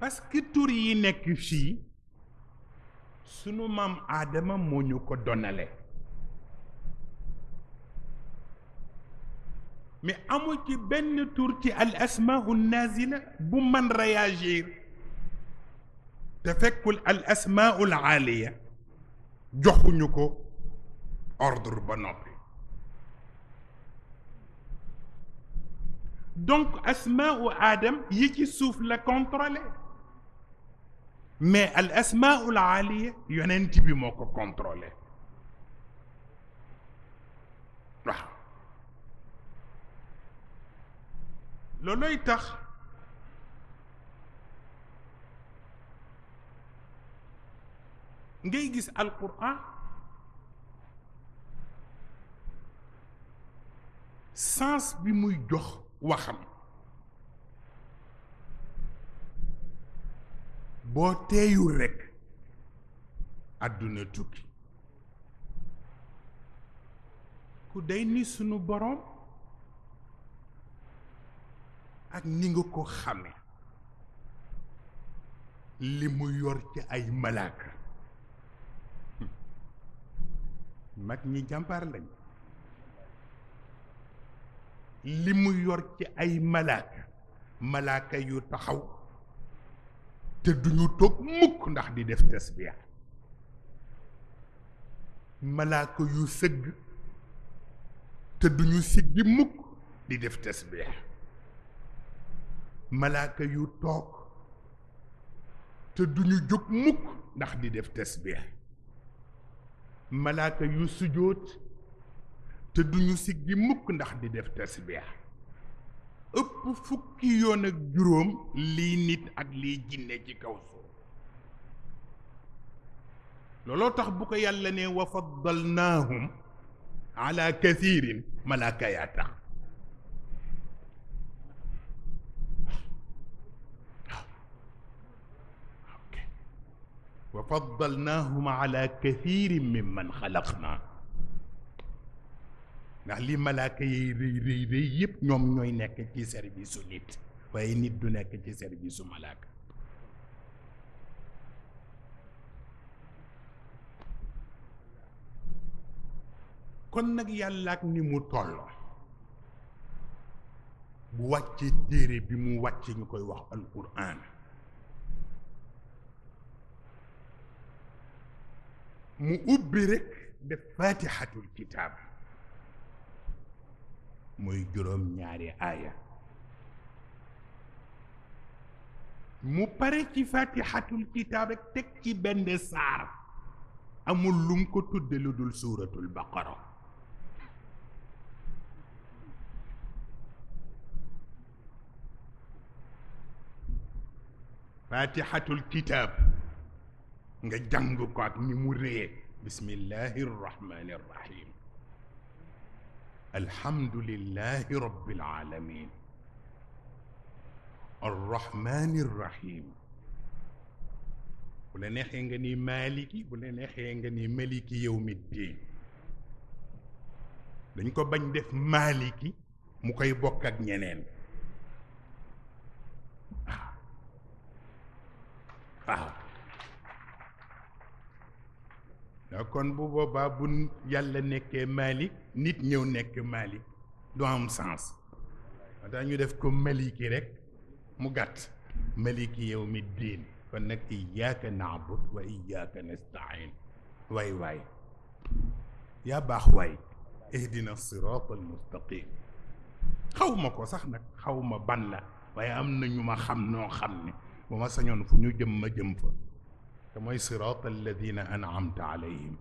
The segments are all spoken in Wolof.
parce que tur yi nekk fii sunu maam aadama moo ñu ko donnale mais amul ci benn tur ci al asmaau bu man réagir te fekkul al asmaau joxuñu ko ordre ba noppi donc asmaau aadam yi ci suuf la contrôler mais al asmaul aliya yonent bi moko contrôler contrôlé waaw tax ngay gis alquran sens bi muy jox waxam boo teeyul rekk àdduna tukki ku day ni sunu boroom ak ni nga ko xame li mu yor ci ay malaaka hmm. mag ñi jàmpaar lañ li mu yor ci ay malaaka malaaka yu taxaw te duñu toog mukk ndax di def tasbiya malaaka yu sëgg te duñu siggi mukk di def tasbiya malaaka yu toog te duñu jóg mukk ndax di def tasbiya malaaka yu sujjóot te duñu siggi mukk ndax di def tasbiya ëpp fukki yoon ak juróom lii nit ak lii jinne ci kaw suuf looloo tax bu ko yàlla ne wa faddalnaahum ala kathirin malaaka yaa tax wa faddalnaahum ala kathirin mimman xalaqnaa ndax li malaaka yi rëy rëy rëy yëpp ñoom ñooy nekk ci service su nit waaye nit du nekk ci service su malaaka kon nag yàlla ak ni mu toll bu wàccee téere bi mu wàccee ñu koy wax alquran mu ubbi rek def faatihatul kitaab muy juróom ñaari aaya mu pare ci fatihatul kitaab ak teg ci benn saar amul lum ko tudde lu dul suuratul baqara fatihatul kitaab nga jàng ko ak ni mu ree bismillahi arrahmani arrahim الحمد لله رب العالمين الرحمن الرحيم ولا ناحية أنني مالكي ولا ناحية أنني ملكي يوم الدين دنجو بن ديف مالكي موكاي بوك اك نينين آه. ndax kon bu boobaa bu yàlla nekkee Malik nit ñëw nekk Malik du am sens daa ñu def ko maliki rek mu gàtt maliki yow mi diin kon nag iyyaka na'bud wa iyyaka nasta'in waay waay yaa baax waay ihdina sirata al mustaqim ko sax nag xaw ban la waaye am na ñu ma xam noo xam ne bu ma sañoon fu ñu jëm ma jëm fa كما صراط الذين أنعمت عليهم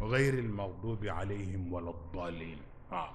غير المغضوب عليهم ولا الضالين آه.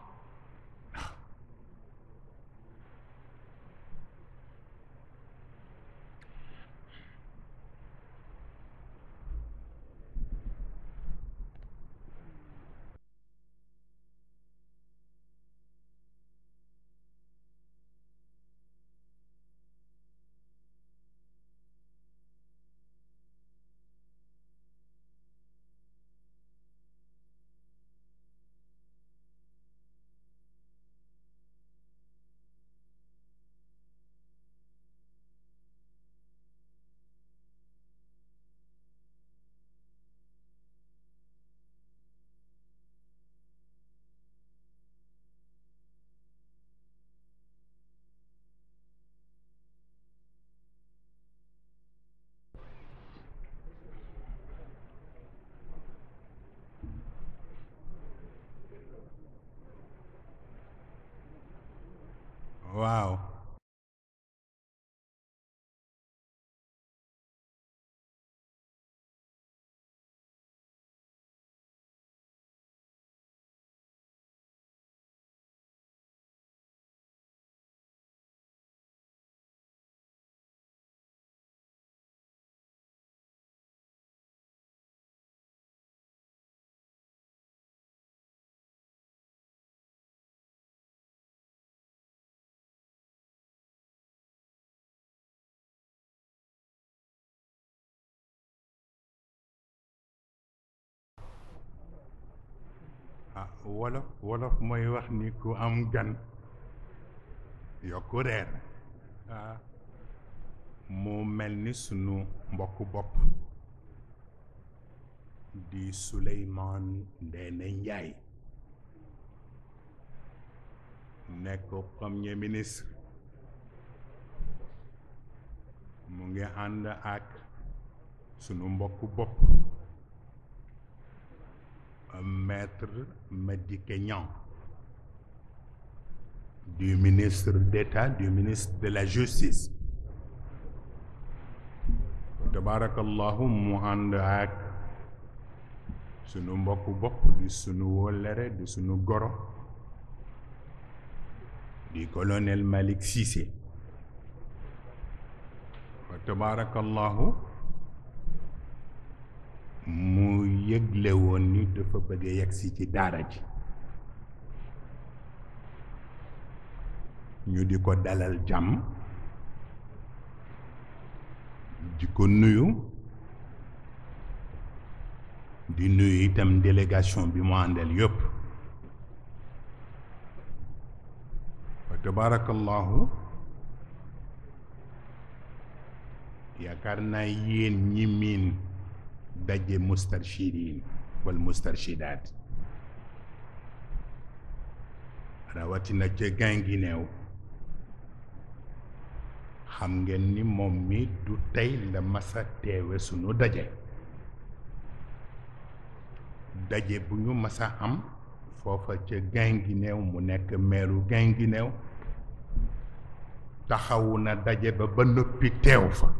Ah, wolof wolof mooy wax ni ku am gan yokku reer ah. moo mel ni sunu mbokku bopp di Souleymane Ndéné Ndiaye nekk premier ministre mu ngi ànd ak sunu mbokku bopp Maître Medikenyan, du ministre d'État, du ministre de la Justice. tabarakallahu mu ak sunu mbokku Bok, di sunu wóllare di sunu goro di colonel Malik Cissé wa yëgle woon ni dafa bëgg a ci daara ji ñu di ko dalal jàmm di ko nuyu di nuyu itam délégation bi mu àndal yëpp wa tabarakallahu yaakaar naa yéen ñi miin daje mustarshidiin wal mustarshidaat rawatina ca Guinée xam ngeen ni moom mi du tey la masa teewe sunu daje daje bu ñu masa am foofa ca Guinée mu nekk meeru Guinée taxawu na daje ba ba noppi teew fa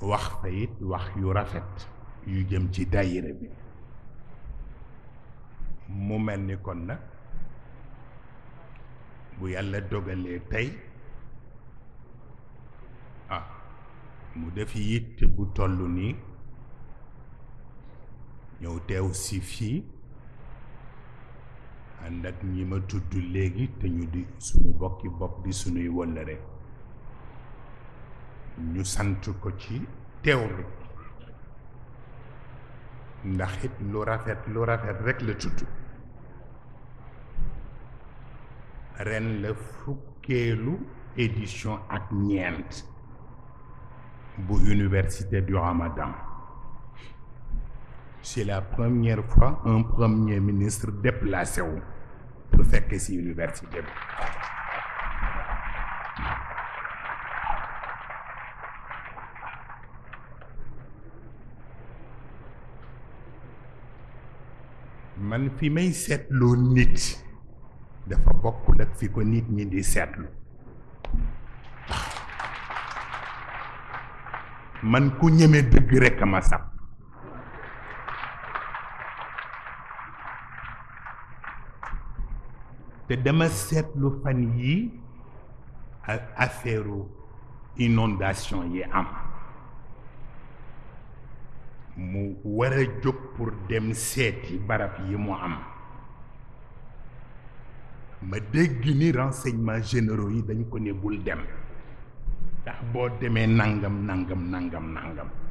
wax fa it wax yu rafet yu jëm ci dayire bi mu mel ni kon nag bu yàlla dogalee tey ah mu def yitt bu toll nii ñëw teew si fii ànd ak ñi ma tudd léegi te ñu di suñu bokki bopp di suñuy wëllëre Nous sommes ko Nous l'aura fait l'aura fait avec le rafet Nous le ren édition ak Pour bu université du Ramadan c'est la première fois un premier ministre déplacé pour faire ci université man fi may seetloo nit dafa bokkul ak fi ko nit ñi di seetlu man ku ñeme dëgg rek ma sax te dama seetlu fan yi ak affaire inondation yi am mu war a jóg pour dem seeti barab yi mu am ma dégg ni renseignements généraux yi dañ ko ne bul dem ndax boo demee nangam nangam nangam nangam